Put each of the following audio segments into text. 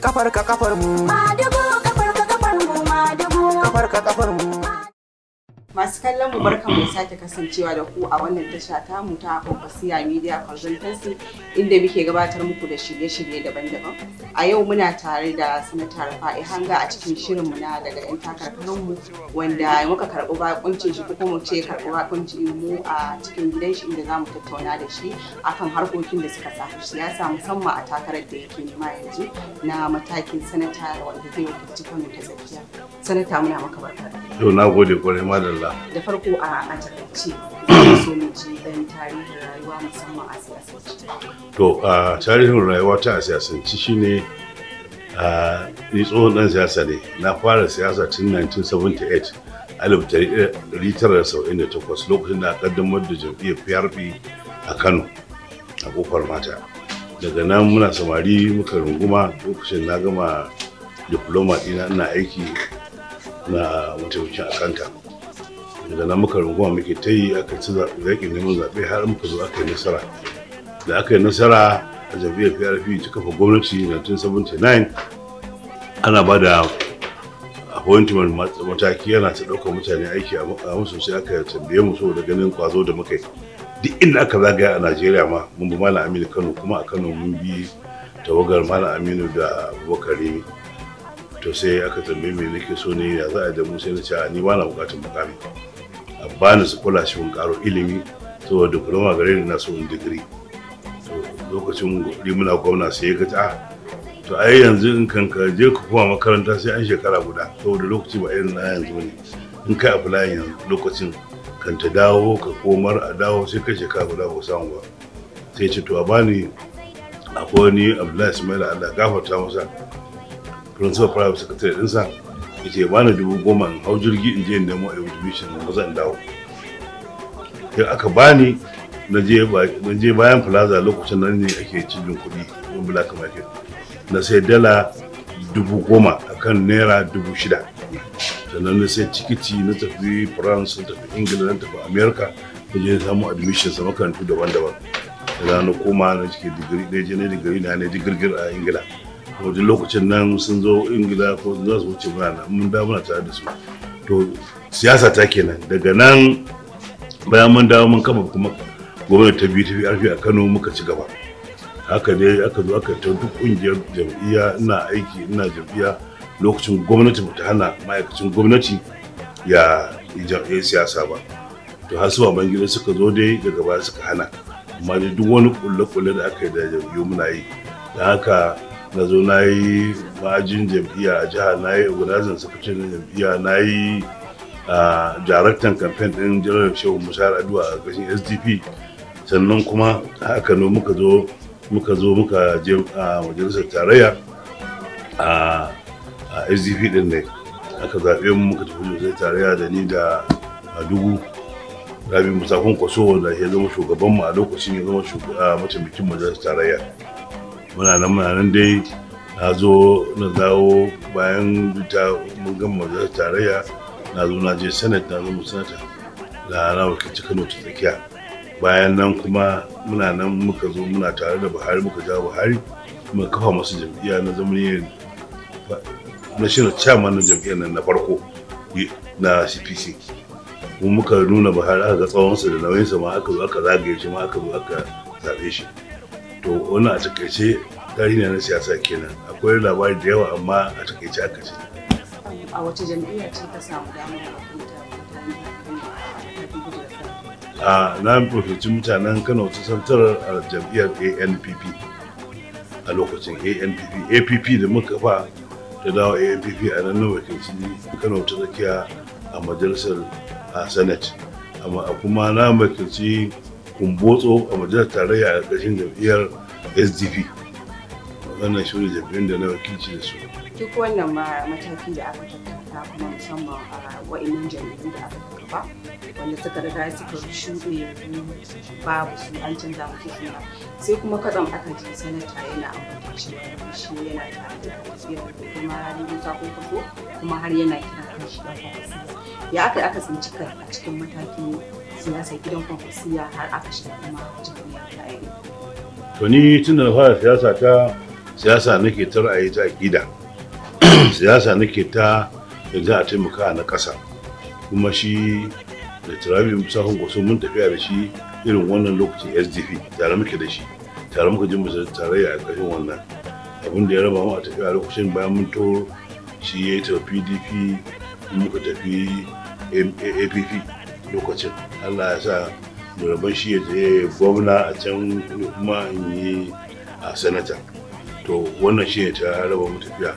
kafar ka kafar mu madugu kafar ka kafar mu madugu kafar ka kafar mu Masu kallon mu barka mu sake kasancewa da ku a wannan tasha ta mu ta Kwakwasiya Media Consultancy inda muke gabatar muku da shirye-shirye daban-daban. A yau muna tare da sanatar Fa'i Hanga a cikin shirin mu na daga 'yan takarkarin mu wanda muka karɓi bakuncin shi ko mu ce karɓi bakuncin mu a cikin gidan shi inda zamu tattauna da shi akan harkokin da suka shafi siyasa musamman a takarar da yake nema yanzu na matakin sanata wanda zai wakilci Kano ta tsakiya. Sanata muna maka barka da. Yau na gode kwarai madalla. Allah. Da farko a so tarihin rayuwa musamman a siyasance. To tarihin rayuwa ta a siyasance ne, ni tsohon ɗan siyasa ne na fara siyasa tun 1978 1978 lokacin da kaddamar da jam'iyyar PRP a Kano a kofar mata. Daga nan muna samari muka runguma lokacin na gama diploma ɗina ina aiki na mataimakin akanta daga nan muka muke ta yi aka ci zaƙin neman zaɓe har muka zo aka yi nasara da aka yi nasara a jam'iyyar prp ta kafa gwamnati 1979 ana ba da appointment mataki yana ta ɗaukar mutane aiki a musu sai aka tambaye mu saboda ganin kwazo da muka yi duk inda aka zagaya a najeriya ma mun bi malam aminu kano kuma a kano mun bi tawagar malam aminu da abubakar rimi to sai aka tambaye mai nake so ne ya za a da mu sai na ce ni ba na bukatun mukami bani scholarship karo ilimi saboda diploma gare ni na so in digiri lokacin gobe muna gwamna sai ya kace ah to ai yanzu in kan ka je ku kuma makaranta sai an shekara guda saboda lokaci ba irin na yanzu ne in kai apply yanzu lokacin kan ta dawo ka komar a dawo sai ka shekara guda ko samu ba sai ce to a bani akwai ni Abdullahi Ismail Allah gafarta masa principal private secretary sa. ce ba na dubu goma in hau jirgi in je in nemo exhibition na zan dawo sai aka bani na je bayan plaza lokacin nan ne ake cibin kuɗi in black market na sai dala dubu goma akan naira dubu shida sannan na sai tikiti na tafi france na tafi ingila na tafi america na je samu admission sa makarantu daban-daban da na koma na cike digiri ɗaya je na digiri na ne digirgir a ingila wajen lokacin nan sun zo ingila ko za su wuce muna nan mun dawo muna tare da su to siyasa ta kenan daga nan bayan mun dawo mun kama kuma gwamnati ta biyu ta biyu arfi a kano muka ci gaba haka ne aka zo aka ta duk kungiyar jam'iyya ina aiki ina jam'iyya lokacin gwamnati ba ta hana ma'aikacin gwamnati ya yi siyasa ba to har su ba gida suka zo dai daga baya suka hana amma duk wani kulle-kulle da aka yi da jam'iyyu muna yi da haka na zo na yi ma'ajin jam'iyya a jihar na yi organizing sakacin jam'iyya na yi daraktan kamfen ɗin jiran shehu mushar aduwa a ƙarshen sdp sannan kuma haka ne muka zo muka zo muka je a majalisar tarayya a sdp ɗin ne aka zaɓe mu muka tafi majalisar tarayya da ni da dubu rabi musafin kwaso da ya zama shugabanmu a lokacin ya zama mataimakin majalisar tarayya muna nan muna nan dai na zo na dawo bayan ta mun gama da tarayya na zo na je senate na zo musanata da na wakilci kano ta tsakiya bayan nan kuma muna nan muka zo muna tare da buhari muka ja buhari muka kafa masu jam'iyya na ne na shirin chairman na jam'iyyar nan na farko na cpc kuma muka nuna buhari aka ga tsawonsa da nauyinsa ma aka zo aka zagaye shi ma aka zo aka zaɓe shi to wani a takaice tarihi na siyasa kenan akwai labari da yawa amma a takaice aka ce a wace jam'iyya ce ta samu damar a na profeci mutanen kano ta santar a jam'iyyar anpp a lokacin anpp app da muka fa ta dawo anpp a nan na wakilci kano ta tsakiya a majalisar a senate amma kuma na wakilci kumbotso a majalisar tarayya a ƙarshen jam'iyyar sdp wannan shi ne jam'iyyar da na wakilci da su duk wannan matakin da aka tattauna kuma musamman a ah, wa'innan jami'an da aka kafa wanda suka riga suka shuɗe babu su an canza musu suna sai kuma kaɗan aka ji sanata yana ambata shi shi yana tare da kuma musa ko kaso kuma har yana kira kan shi da ya aka aka tsinci kai a cikin matakin siyasa gidan kwankwasiya har aka shiga kuma jam'iyyar ra'ayi. To ni tun na fara siyasa ta siyasa nake ta ra'ayi ta aƙida siyasa nake ta yanzu a taimaka na ƙasa kuma shi da turabi musafin kwaso mun tafiya da shi irin wannan lokacin sdp tare muke da shi tare muka ji musa tarayya a ƙarshen wannan abin da ya raba mu a tafiya a lokacin bayan mun to shi ya yi tafi pdp muka tafi app lokacin allah ya sa domin shi ya je gwamna a can kuma in yi a sanata to wannan shi ne ta raba mutafiya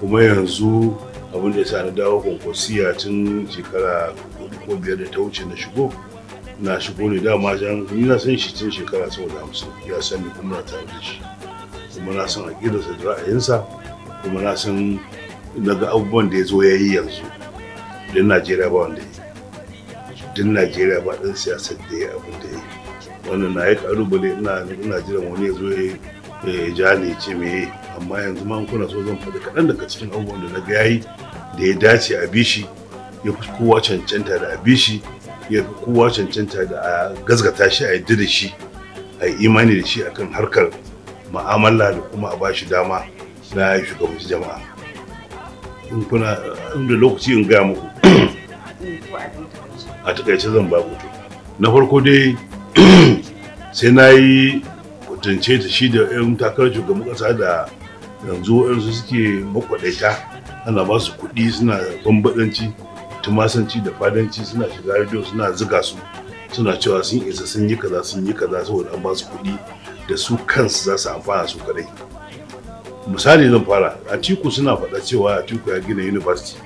kuma yanzu abin da ya sa na dawo kwankwasiya tun shekara ko biyar da ta wuce na shigo na shigo ne dama jan ni na san shi tun shekara sau da hamsin ya san ni kuma na tare da shi kuma na san aƙidarsa da ra'ayinsa kuma na san daga abubuwan da ya zo ya yi yanzu don najeriya ba wanda ya din najeriya ba ɗan siyasar da ya abin da ya yi wannan na yi ƙalubale ina jiran wani ya zo ya ja ne ce me amma yanzu ma kuna so zan faɗi kaɗan daga cikin abubuwan da na ga yayi da ya dace a bishi ya fi kowa cancanta da a bishi ya fi kowa cancanta da a gazgata shi a yadda da shi a imani da shi akan harkar ma'amala da kuma a bashi dama na shugabanci jama'a in kuna da lokaci in gaya muku a takaice zan ba hoto na farko dai sai na yi kwatance ta shi da yan takarar shugaban ƙasa da yanzu wa'yansu suke makwadaita ana ba su kuɗi suna bambadanci tumasanci da fadanci suna shiga rediyo suna ziga su suna cewa sun isa sun yi kaza sun yi kaza saboda an ba su kuɗi da su kansu za su amfana su kadai misali zan fara atiku suna faɗa cewa atiku ya gina university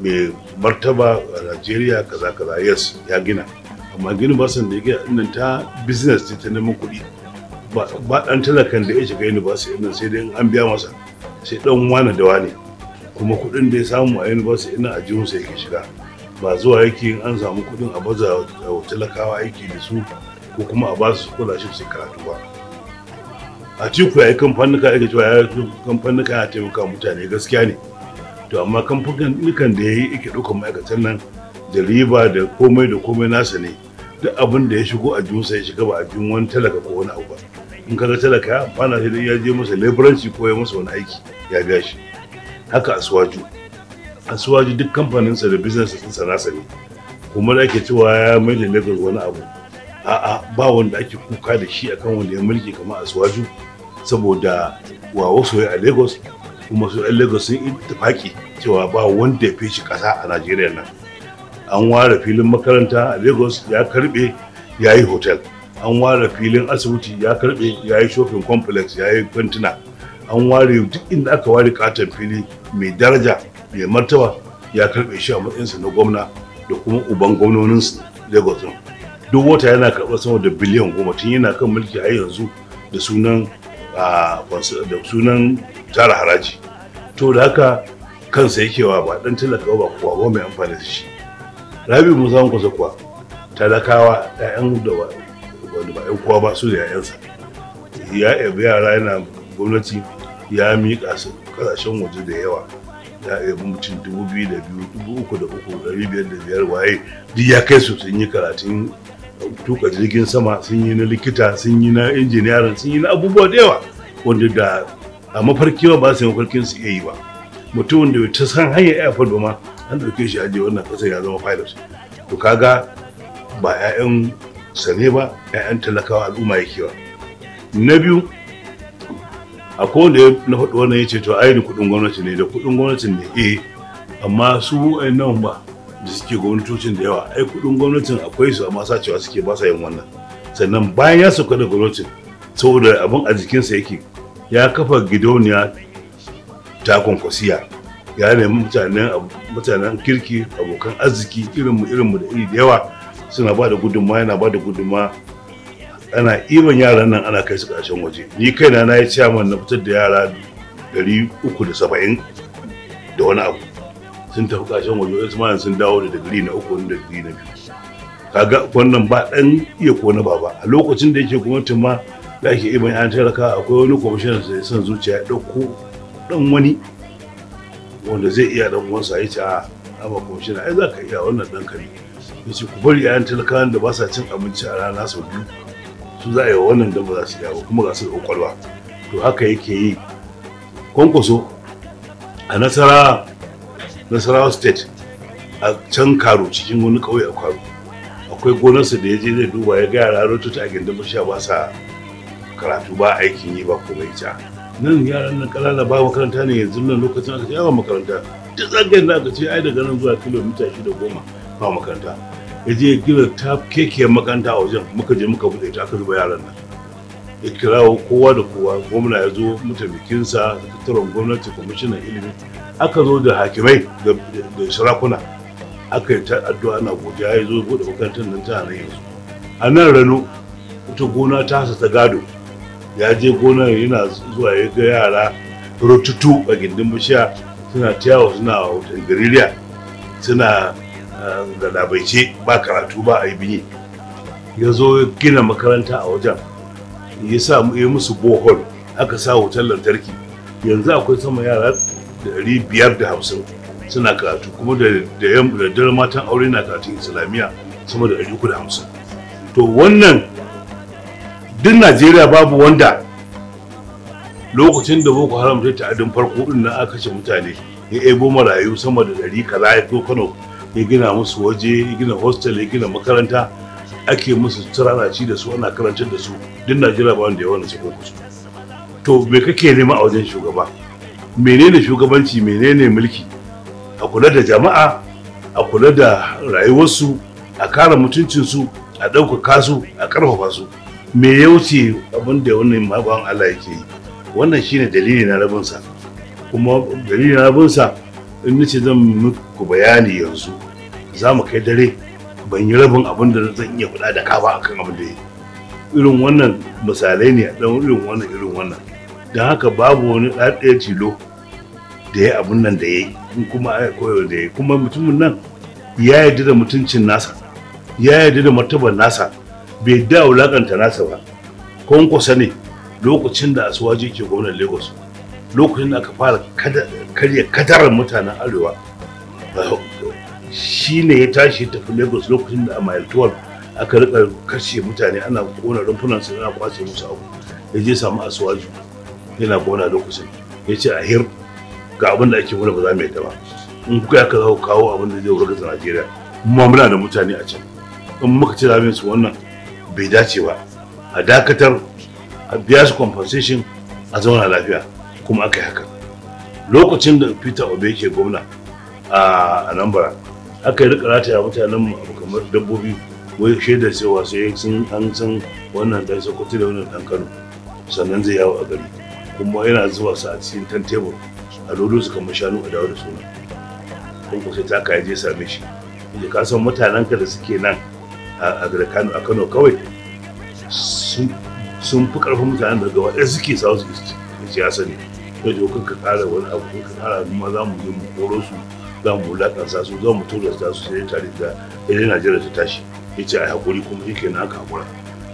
mai martaba a Najeriya kaza kaza yes ya gina amma ginin basan da ya gina ta business ce ta neman kuɗi ba ɗan talakan da ya shiga university sai dai an biya masa sai ɗan wani da wani kuma kuɗin da ya samu a university ɗin a sai yake shiga ba zuwa yake in an samu kuɗin a baza talakawa aiki da su ko kuma a ba su scholarship sai karatu ba a ciku ya yi kamfanika ya cewa ya kamfanika ya taimaka mutane gaskiya ne to amma kamfanin nukan da ya yi yake ɗaukar ma'aikatan nan da riba da komai da komai nasa ne duk abin da ya shigo a junsa ya shiga ba a jun wani talaka ko wani abu ba in kaga talaka ya amfana sai ya je masa leburanci ko ya masa wani aiki ya biya shi haka asuwaju asuwaju duk kamfaninsa da business ɗinsa nasa ne kuma da ake cewa ya mai da lagos wani abu a'a ba wanda ake kuka da shi akan wanda ya mulki kamar asuwaju saboda wa wasu a lagos kuma su ɗan lagos sun itifaki cewa ba wanda ya fi shi ƙasa a najeriya nan an ware filin makaranta a lagos ya karɓe ya yi hotel an ware filin asibiti ya karɓe ya yi shopping complex ya yi kwantina an ware duk inda aka ware katon fili mai daraja mai martaba ya karɓe shi a matsayinsa na gwamna da kuma uban gwamnonin lagos din duk wata yana karɓar sama da biliyan goma tun yana kan mulki a yanzu da sunan ah, da sunan tara haraji to da haka kansa yake wa ba dan tallaka ba kuwa ba mai amfani da shi rabi zan kusa kuwa talakawa ƴaƴan da wani ba ƴan kuwa ba su da ƴaƴansa ya ebe yara yana gwamnati ya miƙa su ƙasashen waje da yawa ya ebe mutum dubu biyu da biyu dubu uku da uku ɗari biyar da biyar waye duk ya kai su sun yi karatun tuka jirgin sama sun yi na likita sun yi na injiniyarin sun yi na abubuwa da yawa wanda da a mafarki ba ba su yi mafarkin su iya yi ba mutumin da ta san hanyar ya fado ma an ɗauke shi aje wannan kasar ya zama pilot to kaga ba 'ya'yan sane ba 'ya'yan talakawa al'umma yake ba na biyu a kowane na faɗi wannan ya ce to ayi kuɗin gwamnati ne da kuɗin gwamnatin ne eh amma su nan ba da suke gwamnatocin da yawa ai kuɗin gwamnatin akwai su amma cewa suke ba sa yin wannan sannan bayan ya sauka da gwamnatin saboda abin a jikinsa yake ya kafa gidauniya takon kwasiya ya ne mutanen mutanen kirki abokan arziki irinmu irinmu da iri da yawa suna ba da gudunma yana ba da gudunma ana iban yaran nan ana kai su ƙarshen waje ni kaina na yi ciyaman na fitar da yara 370 da wani abu sun tafi ƙarshen waje wasu ma sun dawo da digiri na uku wani da digiri na biyu kaga wannan ba ɗan iya ko na baba a lokacin da yake gwamnatin ma da ake iban yan talaka akwai wani kwamishinan da son zuciya ya ɗauko ɗan wani wanda zai iya ɗan uwansa ya ce a ba kwamishina ai za ka iya wannan ɗan kare ya ce ku bari yan talakawan da ba sa cin abinci a rana sau biyu su za a yi wannan dan ba za su iya ba kuma ga su da kwakwalwa to haka yake yi kwankwaso a nasara nasarawa state a can karo cikin wani ƙauye a kwaro akwai gonarsa da ya je zai duba ya ga yara rotuta a gindin bishiya ba sa karatu ba aikin yi ba komai ta nan yaran nan kanana ba makaranta ne yanzu nan lokacin aka ce yawa makaranta duk zagayen da aka ce ai daga nan zuwa kilomita shida goma ba makaranta ya je ya gina ta kekiyar makaranta a wajen muka je muka buɗe ta aka zuba yaran nan ya kira kowa da kowa gwamna ya zo mataimakinsa taron gwamnati kwamishinan ilimi aka zo da hakimai da sarakuna aka yi ta addu'a na godiya ya zo buɗe makarantar nan ta nan yanzu a nan rano wata gona ta hasa ta gado ya je gonar yana zuwa ya ga yara rututu a gindin bishiya suna tiyawa suna wutan gaririya suna um, galabaice ba karatu ba a yi ya zo gina makaranta a wajen ya sa yi musu bohol aka sa wutar lantarki yanzu akwai sama yara ɗari biyar da hamsin suna karatu kuma da da matan aure na karatu islamiyya sama da ɗari da hamsin to wannan duk najeriya babu wanda lokacin da boko haram ta ta'adin farko din na aka kashe mutane ya ebo marayu sama da dari kaza ya to kano ya gina musu waje ya gina hostel ya gina makaranta ake musu turanaci da su ana karantar da su duk najeriya ba wanda ya wani cikin su. to me kake nema a wajen shugaba menene shugabanci menene mulki a kula da jama'a a kula da rayuwarsu a kare mutuncinsu a ɗaukaka su a ƙarfafa su me ya wuce abin da wannan mabawan Allah yake yi wannan shine dalili na rabinsa kuma dalili na rabinsa in nace zan muku bayani yanzu za mu kai dare ban yi rabin abin da zan iya faɗa da kafa akan abin da yi irin wannan misalai ne a irin wannan irin wannan don haka babu wani ɗaya tilo da ya abun nan da ya yi kuma a koyo da ya yi kuma mutumin nan ya yarda da mutuncin nasa ya yarda da martabar nasa bai da ta nasa ba kusa ne lokacin da asuwaji ke gwamnan lagos lokacin da aka fara karya kadarar mutanen arewa shi ne ya tashi tafi lagos lokacin da a mile 12 aka rika kashe mutane ana kona rumfunan su ana kwace musu abu ya je samu asuwaji yana gona lokacin ya ce a ga abin da ake wuri ba za mu yadda ba in kuka ya kawo abin da zai wurga Najeriya mu muna da mutane a can in muka ci su wannan bai dace ba a dakatar a biya su compensation a zauna lafiya kuma aka yi haka lokacin da peter obe ke gwamna a anambra aka yi rika rataya mutanen mu kamar dabbobi wai shaidar cewa sai sun an san wannan dan sokoto da wannan dan kano sannan zai yawo a gari kuma yana zuwa su a cikin tan tebur a lodo su kamar shanu a dawo da suna kuma taka ta je same shi ka san mutanen ka da suke nan a kano kawai sun fi karfin mutanen daga waɗanda suke south east da siyasa ne da jokar ka kara wani abu ka kara ma za mu je mu koro su za mu wulakansa su za mu tura su sai tare da ɗaya najeriya ta tashi ya ce a haƙuri kuma shi na aka haƙura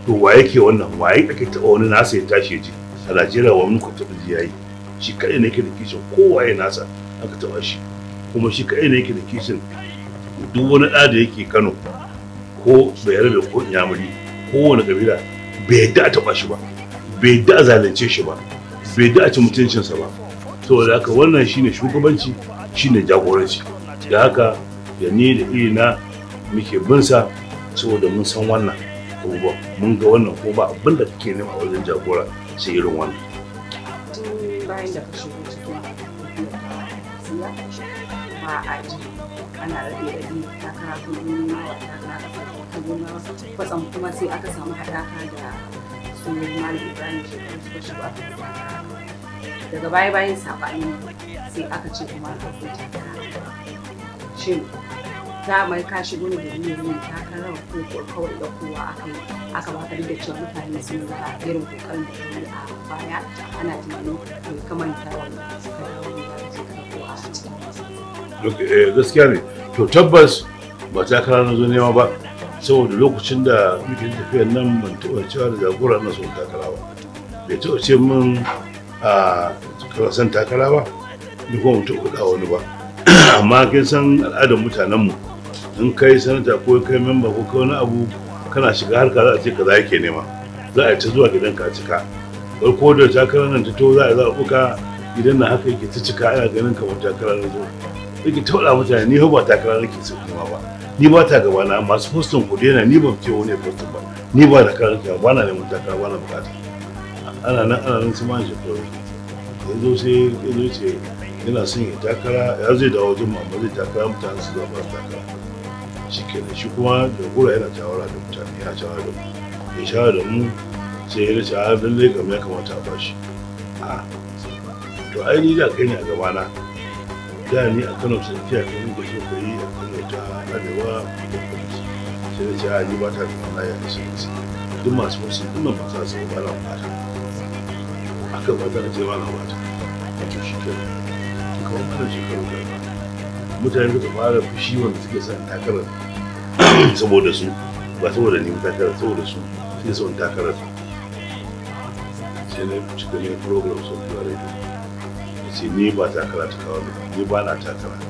to wa yake wannan wa yi ake taɓa wani nasa ya tashi ya ji a najeriya wa muka taɓa ji ya yi shi kaɗai ne yake da kishin kowa ya nasa aka taɓa shi kuma shi kaɗai ne yake da kishin duk wani ɗa da yake kano ko da ko inyamuri kowane kabila bai yadda a shi ba bai yadda a zalunce shi ba bai yadda a ci mutuncinsa ba saboda haka wannan shine shugabanci shine jagoranci da haka da ni da na muke bin sa saboda mun san wannan abubuwan mun ga wannan ko ba abin da kake nema wajen jagora sai irin wannan bayan da ana wato ganin na na kafa da ta gona kwatsam kuma sai aka samu haɗaka da su malam ibrahim shekaru suka shigo aka fita daga baya bayan saɓani sai aka ce kuma aka fita shin mai ka shigo ne da yin yin takarar ko kawai da kowa aka yi aka baka duk da cewa mutane sun yi ga irin kokarin da yi a baya ana tunanin kamar ta wani suka dawo da ko a cikin eh, gaskiya ne to tabbas ba takara na zo nema ba saboda lokacin da muke tafiyar nan ban taɓa cewa da jagora na son takara ba bai taɓa ce min a kasan takara ba ni kuma mutum kuɗa wani ba amma kin san al'adar mu in kai sanata ko kai memba ko kai wani abu kana shiga harka za a ce kaza yake nema za a yi ta zuwa gidan ka cika ko da takarar nan ta to za a zaɓuka idan na haka yake ta cika ana ganin kamar na zo yake taɓa mutane ni ba takara nake so ba ni ba ta gaba na masu fustin ku daina ni ban ce wani fustin ba ni ba da karan ba na neman takara ba na bukata ana nan ana nan su ma shi ya yanzu sai zo ce yana son ya takara ya zai dawo jin mamma zai takara mutane su zama takara shi kenan shi kuma da gura yana shawara da mutane ya shawara da mu ya shawara da mu sai ya race a ah, lallai kam ya kamata a bashi a ah, to ai ni da kai ne a gabana da ni a kano sun fiya kan da so ka yi rayuwa sai da ce a ni ba ta zama ya ce duk masu musu duk nan masu asa ba na bata aka ba ta ce ba na bata a to shi ke kawai mana shekaru da mutane suka fara fushi wanda suke son takarar saboda su ba saboda ni takarar saboda su sai son takarar sai na cika ne program sau biyar ne sai ni ba takara ta kawo ni ba na takara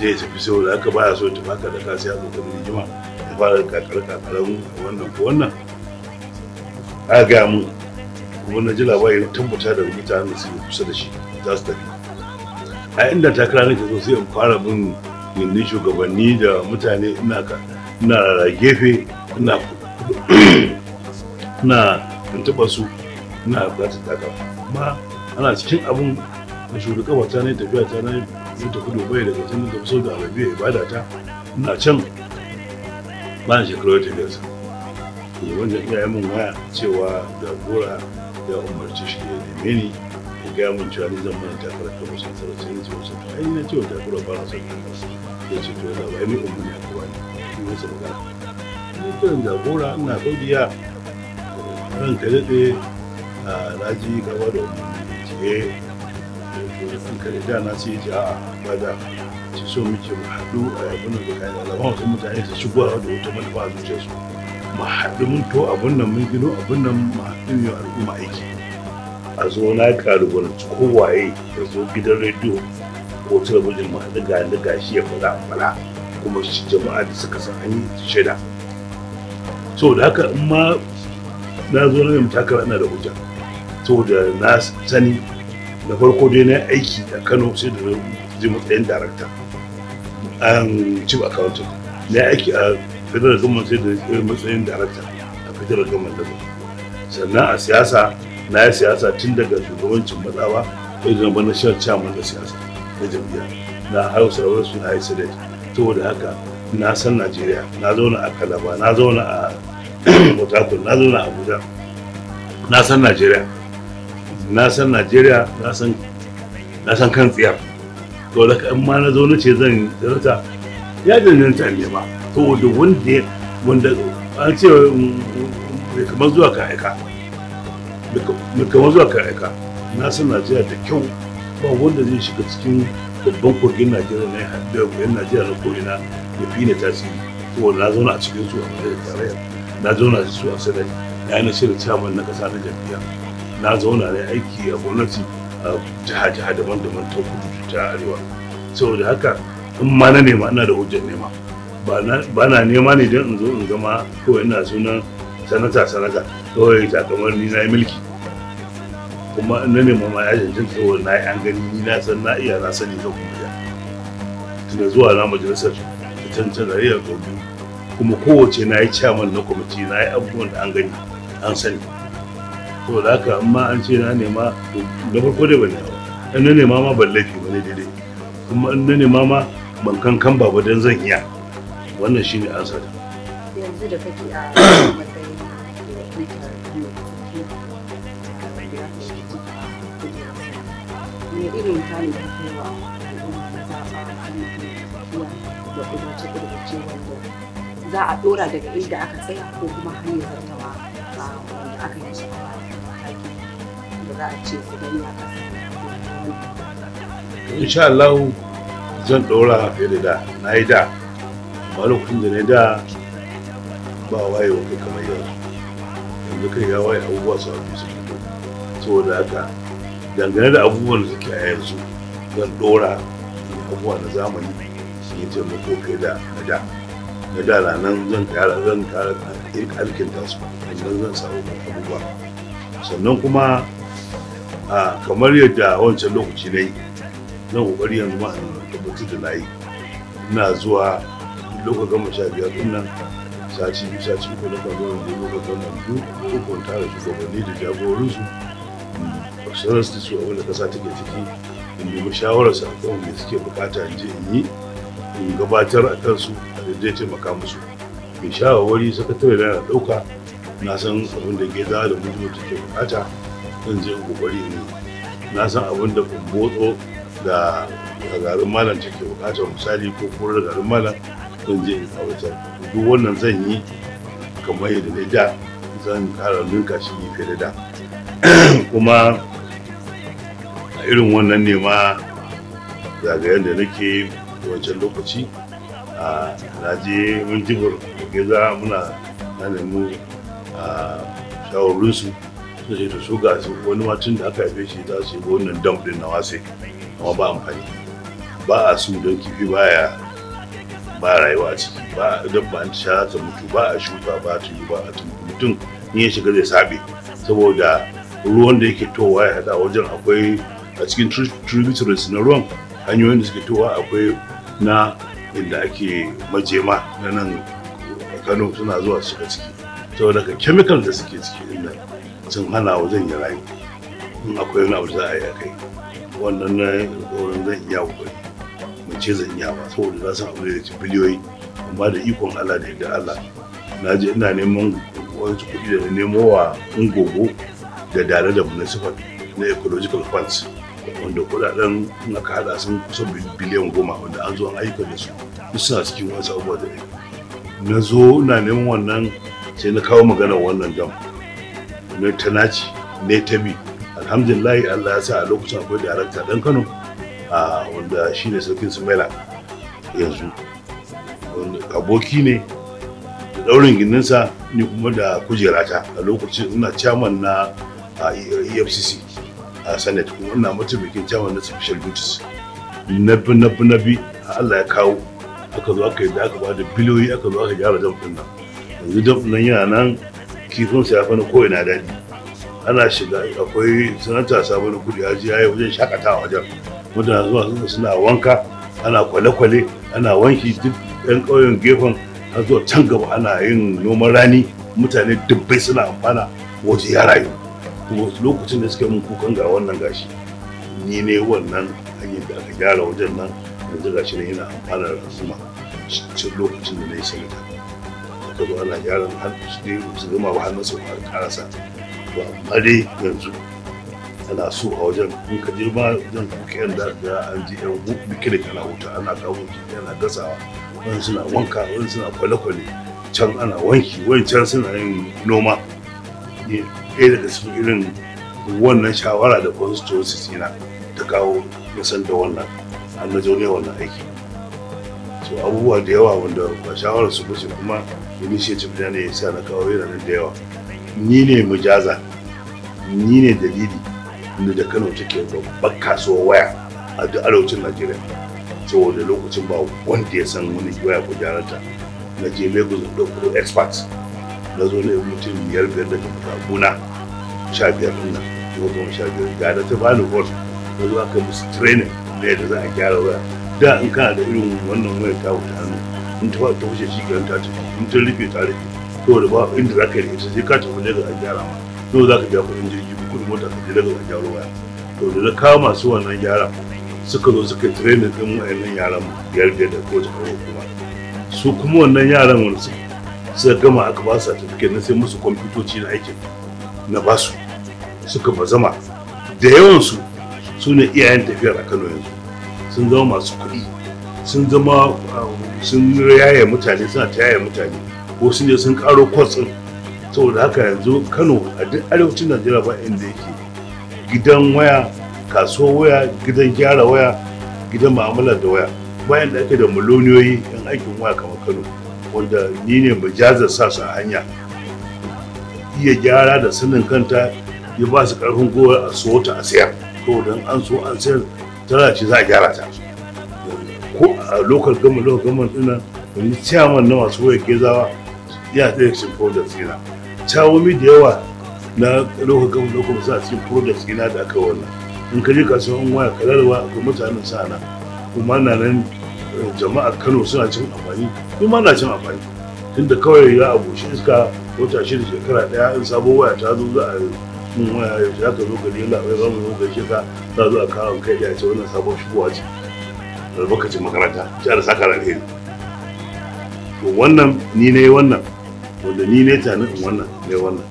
zai ya tafi da haka baya so ta da kasi ya zuwa da jima ta fara kakar kakaran wannan ko wannan a ga mu kuma na ji labari na tabbata da mutanen da suke kusa da shi za su tafi a inda takara nake so sai in fara bin yanni shugabanni da mutane ina ka ina gefe ina ina tuntuɓa su ina bukatar takara amma ana cikin abun na shugaba ta ne tafiya ta na na tafi dubai daga can na tafi saudi arabia ibada ta ina can bayan shekaru ta biyar ne wanda yi mun waya cewa da gora ya umarci shi ya neme ni ya gaya mun cewa ni zan mana takara ta wasu sarrafa ne cewa sun ai na cewa da gora ba na son ta ya ce to da bai mai umarni a kowa ne shi ne sa magana ni kiran da gora ina godiya ranka daɗe a raji gaba da umarni ce eh, kai da na ce ji a ba da ci so muke mu haɗu a abin da kai alaban wasu mutane su shigo a da wata manufa a zuciyarsu mu haɗu mun to abun nan mun gino abun nan mu haɗu yau al'umma aiki a zo na wani kalubalanci kowaye ya zo gidan rediyo ko talabijin mu haɗu ga ni shi ya fara-fara, kuma shi jama'a da suka san an yi shaida so da haka in ma na zo na mai takara ina da hujja da na sani da farko dai na aiki a kano sai da je matsayin darakta an chief accountant na aiki a federal government sai da matsayin darakta a federal government level sannan a siyasa na yi siyasa tun daga shugabancin matsawa sai zama na shan chairman da siyasa na jam'iyya na hausa wasu na yi senate saboda haka na san najeriya na zauna a kalaba na zauna a port na zauna a abuja na san najeriya na san najeriya na san kan tsiyar to da in ma na zo na ce zan rata ya danganta ne ba to da wanda ya wanda an ce mm, mm, mai kamar zuwa ka aika mai kamar zuwa ka aika na san najeriya da kyau ba wanda zai shiga cikin babban kogin najeriya na da yan najeriya na ko'ina ya fi ne tasiri to na zauna a cikin su a tarayya, na zauna su a sadari na yi na shirin caman na kasa na jam'iyyar na zauna na aiki a gwamnati a jiha-jiha daban-daban ta kudu ta arewa saboda haka in ma na nema ina da hujjar nema ba na nema ne don in zo in gama kawai ina sunan sanata sanata kawai ta kamar ni na yi mulki kuma na nema ma ya cancanta saboda na yi an gani ni na san na iya na sani zan kuma ya tunda zuwa na majalisar cancanta da gobe kuma kowace na yi chairman na kwamiti na yi abubuwan da an gani an sani to da haka amma an ce na nema da farko dai ban yi na nema ma ban laifi ba ne daidai kuma in na nema ma ban kankan ba dan zan iya wannan shine ansa ta yanzu da kake a matsayin ne irin kare kaiwa da za a ɗora daga inda aka tsaya ko kuma hanyar zartawa wanda aka yi shi za a ce insha Allah zan ɗora fiye da da na yi da ba lokacin da na yi da ba waye wani kamar yau yanzu kai ya waye abubuwa su abu su fito saboda haka dangane da abubuwan da suke a yanzu zan ɗora abubuwa na zamani su yi taimako kai da na da na da na nan zan kara zan kara alkinta su sannan zan samu abubuwa sannan kuma a kamar yadda wancan lokaci na yi na kokari yanzu ma a da na yi ina zuwa lokacin gama sha biyar din nan sati biyu sati uku na kan zuwa biyu lokacin goma biyu ko tara da jagorinsu ba su rasa su abin da kasa take ciki in nemi shawararsa a kan da suke bukata in je in yi in gabatar a kansu a daidai taimaka musu mai shawarwari sakatare na ɗauka na san abin da ke da da take bukata zan je kokari ne na san abin da ban motso da garin malam take bukatar misali ko kuma da garin malam zan je in kawatar duk wannan zan yi kamar yadda na da zan kara ninka shi fiye da kuma a irin wannan ne ma zagayen da nake wancan lokaci a naje mun jibir da za muna na nemi suka ce to su wani matan da aka haife shi za su yi wannan dam din na wasi amma ba amfani ba a su don kifi baya ba rayuwa a ciki ba dabba ta sha ta mutu ba a shuka ba ta yi ba a mutum in ya shiga zai sabe saboda ruwan da yake towa ya hada wajen akwai a cikin tributaries na ruwan hanyoyin da suke towa akwai na inda ake majema na nan kano suna zuwa shiga ciki saboda ka chemical da suke ciki din sun hana wajen ya rayu in akwai wani abu za a yi kai wannan na tsoron zan iya kokari mun ce zan iya ba saboda za su abu da ci biliyoyi amma da ikon Allah da yadda Allah na je ina neman wasu kuɗi da nemo wa ungogo da dare da municipal na ecological funds wanda kudaden na ka hada sun kusan biliyan goma wanda an zo an ayyukan da su suna cikin wasu abubuwa da na zo na neman wannan sai na kawo maganar wannan dam na ta naci ne ta bi alhamdulillah Allah ya sa a lokacin akwai darakta dan Kano a wanda shine sarkin Sumaila yanzu aboki ne da daurin gindinsa ni kuma da kujerata a lokacin ina chairman na EFCC a Senate kuma ina mataimakin chairman na special duties na na na bi Allah ya kawo aka zo aka yi da aka ba da biliyoyi aka zo aka gyara jamfin nan yanzu jamfin nan yana nan kifin sa ya fani ko ina daɗi ana shiga akwai sanata sabon kudi a ji yayi wajen shakatawa wajen mutane zuwa suna wanka ana kwale-kwale ana wanki duk yan ƙauyen gefen a zuwa can gaba ana yin noman rani mutane dubbai suna amfana wajen ya rayu kuma lokacin da suke mun kukan ga wannan gashi ni ne wannan hanyar da aka gyara wajen nan yanzu gashi ne yana amfana da cikin lokacin da na yi sanata aka zo ana gyaran hannu su ne su gama ba hannun su fara karasa to amma dai yanzu ana so a wajen in ka je ba wajen kuke da da an ji yan biki da kana wuta ana kawo ki yana gasawa wani suna wanka wani suna kwale-kwale can ana wanki wani can suna yin noma ɗaya daga cikin irin wannan shawara da constituency na ta kawo nisan da wannan an na ne wannan aiki so abubuwa da yawa wanda ba shawarar su bace kuma initiative da ne sa na kawo yana nan da yawa ni ne mujaza ni ne dalili inda da Kano take babbar kasuwar waya a duk arewacin Najeriya saboda lokacin ba wanda ya san wani waya ko jaranta na je Lagos da ɗauko experts na zo ne mutum biyar biyar kuma gona sha biyar ɗin nan ko kuma sha biyar ga da ta bani hot na zo aka musu training ne da za a gyara waya da in kana da irin wannan wayar ta wuce hannu in ta ta wuce shi gidan ta tafi in ta rufe ta rufe saboda ba inda za ka yi ita sai ka tafi daga a gyara ma to za ka biya kuɗin jirgi ko kuɗin mota ka je daga a gyara waya to da kawo masu wannan gyara suka zo suka training din wayannan yaran mu biyar biyar da kowace kawo kuma su kuma wannan yaran wani su suka gama aka ba su certificate na sai musu kwamfutoci na aikin na basu suka bazama da yawansu su ne iyayen tafiyar a kano yanzu sun zama masu kuɗi sun zama um, sun yaya mutane suna ta yaya mutane ko sun je sun karo kwatsin. saboda haka yanzu kano a duk arewacin najeriya ba inda yake gidan waya kasuwar waya gidan gyara waya gidan ma'amala da waya bayan da ake da miloniyoyi yan aikin waya kamar kano wanda ni ne jaza sa su a hanya iya gyara da sanin kanta ya ba su karfin gowar a sota a siya. to don an so an sayar tana ce za a gyara ta ko a local gama local gama dinnan wani chairman na masu waya ke zawa ya ɗaya cikin products ina chawomi da yawa na local gama local sa cikin product ina da aka wannan in ka je kasuwan waya kalarwa akwai mutanen sa-na. kuma na nan eh, jama'a kano suna cin amfani kuma na cin amfani tunda kawai ya abushi iska wata shida shekara ɗaya in sabo waya ta zo za a mun waya yaushe za ka zo gari yana bai za mu zo gaishe ka za zo a kawo kai ya ce wannan sabon shigowa ce albarkacin makaranta ta da saka alheri to wannan ni ne wannan wanda ni ne tani in wannan ne wannan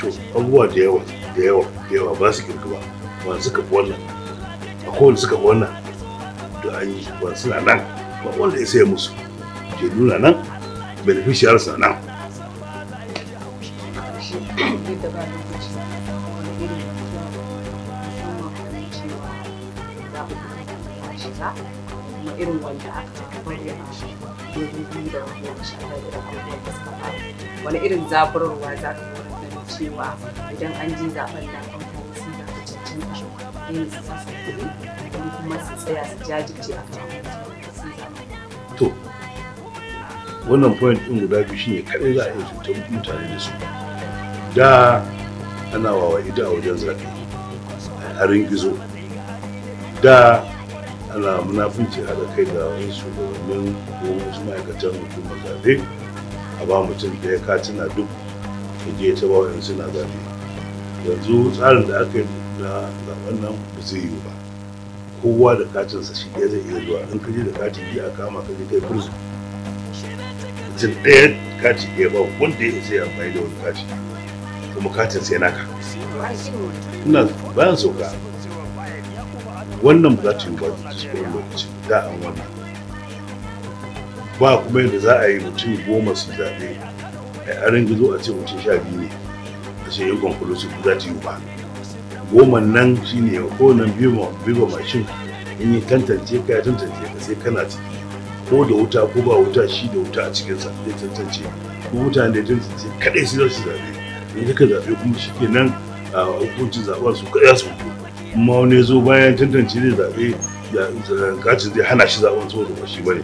to abubuwa da yawa da yawa da yawa ba su kirki ba ba suka fi wannan a kowane suka fi wannan da an yi ba suna nan ba wanda ya saya musu ke nuna nan beneficiarsa nan Thank you. aka taka a da wani irin zaburarwa za ka wurin cewa idan an ji zaben nan an kuma sun kuma su tsaya su jajirce a kan to wannan point ɗin guda biyu shine kaɗai za a iya cutar mutane da su da ana wawa ita a wajen zaɓe a ringizo da ana munafunci haɗa kai da wani shugabannin ko wasu ma'aikatan hukumar zaɓe a ba mutum da ya katina duk da je ta ba wa'yansu na zaɓe yanzu tsarin da aka yi na zaɓen nan ba zai yi ba kowa da katinsa shi ɗaya zai iya zuwa in ka je da katin ji a kama ka je kai prison mutum ɗaya katin ɗaya ba wanda ya sai amfani da wani katin. kuma katin sai naka ina bayan sauka wannan ba za ta yi ba cikin lokaci da an wani ba kuma yadda za a yi mutum goma su zaɓe a yaren gizo a ce mutum sha biyu ne a ce yankon su ba za ta yi ba goma nan shine ne ko nan biyu mashin in yi tantance ka ya tantance ka sai kana ciki ko da wuta ko ba wuta shi da wuta a cikin zai tantance ko mutane da tantance kaɗai su za su zaɓe in ka zaɓe kuma shi ke nan a hukuncin zaɓen su kaɗai su hukunta kuma wani zo bayan tantance zai zaɓe kacin zai hana shi zaɓen saboda ba shi bane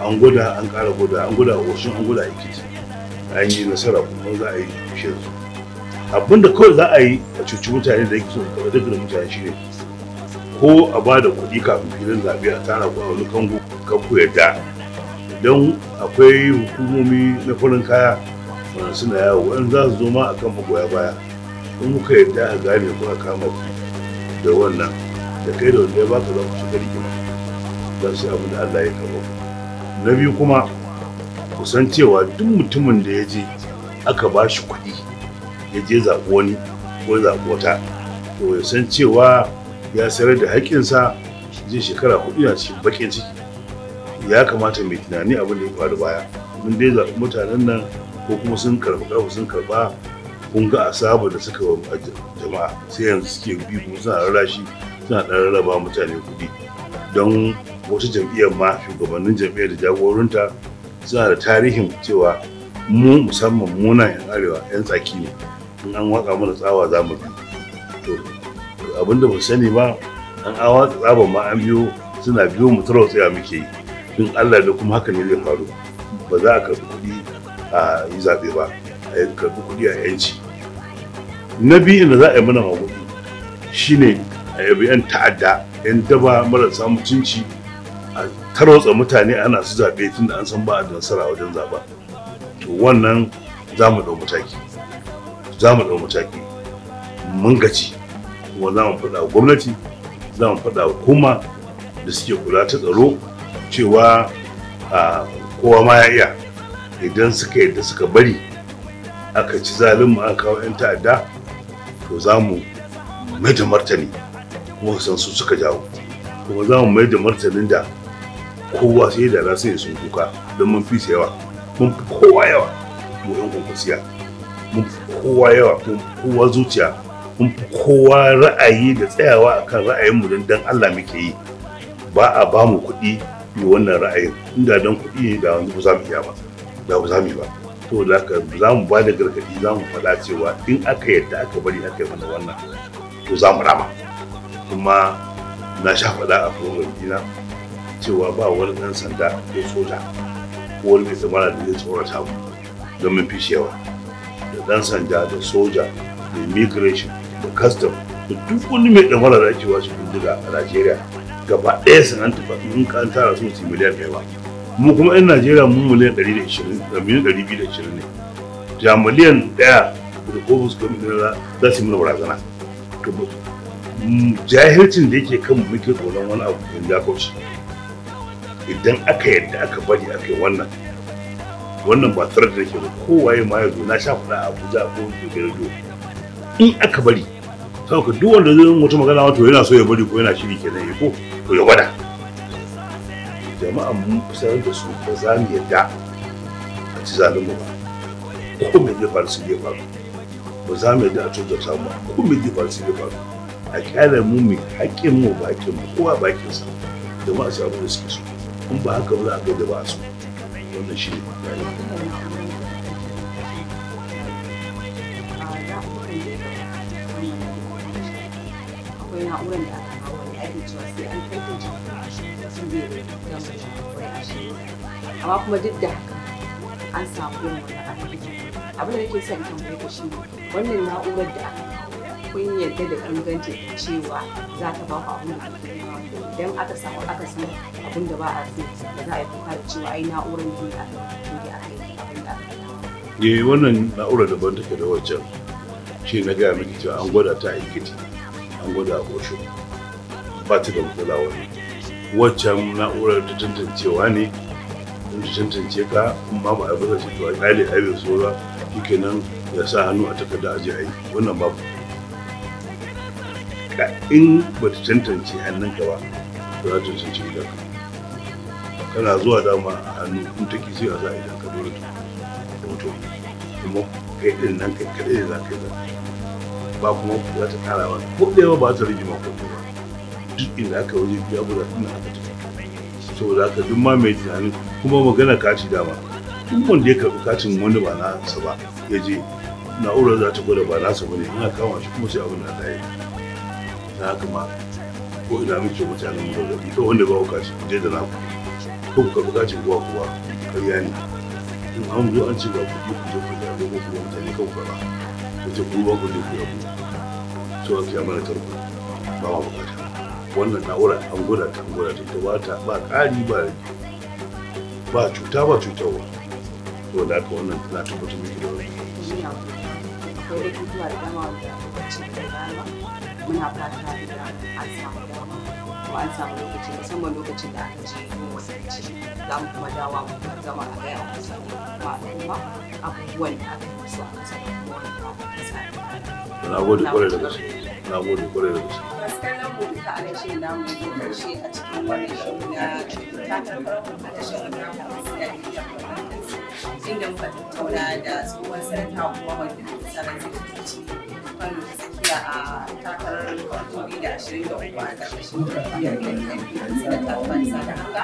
an gwada an ƙara gwada an gwada a washin an gwada a ikiti an yi nasara kuma za a yi shi su. abin da kawai za a yi a cuci mutane da yake so kamar duka da mutane shi ne ko a ba da kuɗi kafin filin zaɓe a tara ko a wani kango kan yadda, idan akwai hukumomi na farin kaya suna yawo wani za su zo ma kan magoya baya in kuka yarda a gane kuka kama da wannan da kai da wanda ya baka za ku shiga rigima don sai abu da Allah ya kama ku na biyu kuma ku san cewa duk mutumin da ya je aka ba shi kuɗi ya je zaɓi wani ko zaɓi wata to ya san cewa ya sayar da haƙƙinsa zai shekara kuɗi na cikin baƙin ciki ya kamata mai tunani abin da ya faru baya mun dai zaɓi mutanen nan ko kuma sun karɓa sun karɓa kun ga asabu da suka wa jama'a sai yanzu suke bi kuma suna rarrashi suna ɗan rarraba mutane kuɗi don wata jam'iyyar ma shugabannin jam'iyyar da jagorunta suna da tarihin cewa mu musamman muna yan arewa yan tsaki ne in an waka mana tsawa za mu bi to abinda ba sani ba an awa tsaban ma an biyo suna biyo mu tura tsaya muke yi in allah da kuma haka ne zai faru ba za a karɓi kuɗi a yi zaɓe ba a karɓi kuɗi a yanci na biyu da za a yi mana shi ne a yabi 'yan ta'adda 'yan daba marasa mutunci a tarwatsa mutane ana su zaɓe tun da an san ba a nasara wajen zaɓa to wannan za mu ɗau mataki za mu ɗau mataki mun gaci kuma za mu faɗa wa gwamnati za mu faɗa wa kuma da suke kula ta tsaro cewa kowa ma ya iya idan suka yadda suka bari aka ci zalin mu aka kawo 'yan ta'adda to za mu mai da martani kuma san su suka jawo kuma za mu mai da martanin da kowa sai da na sai sun kuka don mun fi yawa mun fi kowa yawa mu yan kwankwasiya mun fi kowa yawa mun fi kowa zuciya mun fi kowa ra'ayi da tsayawa akan ra'ayinmu don dan Allah muke yi ba a ba mu kuɗi yi wannan ra'ayin inda dan kuɗi ne da wani ba za mu iya ba da ba za mu yi ba to laka za mu ba da gargadi za mu faɗa cewa in aka yadda aka bari aka yi mana wannan to za mu rama kuma na sha faɗa a program dina cewa ba wani ɗan sanda ko soja ko wani mai da zai tsorata mu don mun fi shewa da ɗan sanda da soja da immigration da custom da duk wani mai tsamara da ake wasu bindiga a najeriya gaba ɗaya sananta ba in ka tara su miliyan ɗaya ba mu kuma 'yan najeriya mu miliyan 120 eh, miliyan 220 ne da miliyan daya da kuma kwamitin za su yi mana barazana to mm, jahilcin da yake kan muke tsoron wani abu da ya kauce idan aka yadda aka bari aka yi wannan wannan ba tare da yake ba kowaye ma ya zo na sha faɗa a abuja ko da gado in aka bari saboda duk zai wata magana wato yana so ya bari ko yana shiri kenan ya ko ya gwada jama'a mun kusa da su ba za mu yadda a ci zalunmu ba ko mai zai faru su zai faru ba za mu yadda a cutar samu ko mai zai faru su zai faru a kyara mu mai haƙƙin mu bakin mu kowa bakin sa jama'a su abu da suke so in ba haka ba za a ba su wannan shi ne ba akwai na'urar da aiki cewa sai an kai ta jiki sun bai da ta su ta hakuri a shi amma kuma duk da haka an samu yin wani abin abin da nake son tambaye ka shi ne. wannan na'urar da aka kun yarda da inganci cewa za ta ba ku abin da kuke idan aka samu aka san abin da ba a so da za a yi kuka da cewa ai na'urar ne a kan aka yi abin da aka yi eh, wannan na'urar daban take da wancan shi na gaya miki cewa an gwada ta a ikiti an gwada a ƙoshin ba ta da matsala wani waccan na'urar ta tantancewa ne in ta tantance ka in ma ma'aikata ce to a kyale a yi so za shi kenan ya sa hannu a takarda a je a yi wannan babu ka in ba ta tantance hannun ka ba to za ta tantance Ka kana zuwa dama a hannu in ta ki sai a sa idan ka dole ta kuma kai din nan kai kaɗai za ka yi ba kuma za ta kara ba ko ɗaya ba ta rigima ko ba duk inda aka waje biya bura ina aka tafi saboda haka duk ma mai tunanin kuma magana kaci dama duk wanda ya karɓi kacin wani ba nasa ba ya je na'urar za ta gwada ba nasa ba ne ina kama shi kuma sai abin da ta yi na haka ma ko ina muke mutanen mu da ko wanda ba ku kaci ku je da naku ko ku karɓi kacin kuwa kuwa karya ne in an zo an ci ga kuɗi ku je ku da dogo ku mutane kan ku ba ku je ku ruwa ku je ku yabu to a kiyama na tarko ba ma bukata wannan na'ura an gwada ta gwada ta ba ta ba ƙari ba ba cuta ba cutarwa to da aka wannan tana tabbatar miki da wannan fata da an samu dama an samu lokaci lokacin da aka ce kuma za mu kuma dawa zama a kusa abubuwan a na gode kwarai da gaske na gode kwarai da gaske ko duka a ce na mu karshe a cikin wani shiri na takarkar a tashar da inda muka tattauna da tsohon sanata kuma wanda tsaron zai kano ta tsakiya a takarar da da ashirin 2023 a ƙarƙashin jam'iyyar sanata fansa da haka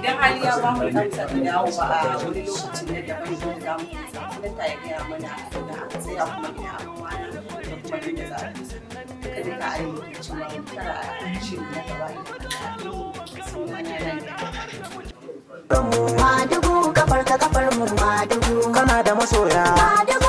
idan hali ya ba mu kamsa da dawo ba a wani lokacin na daban da za mu ta ya gaya mana da aka tsaya kuma ina amfana da kuma inda za a da duka a lokacin da shi na gaba kafar ka kafar mu kana da masoya.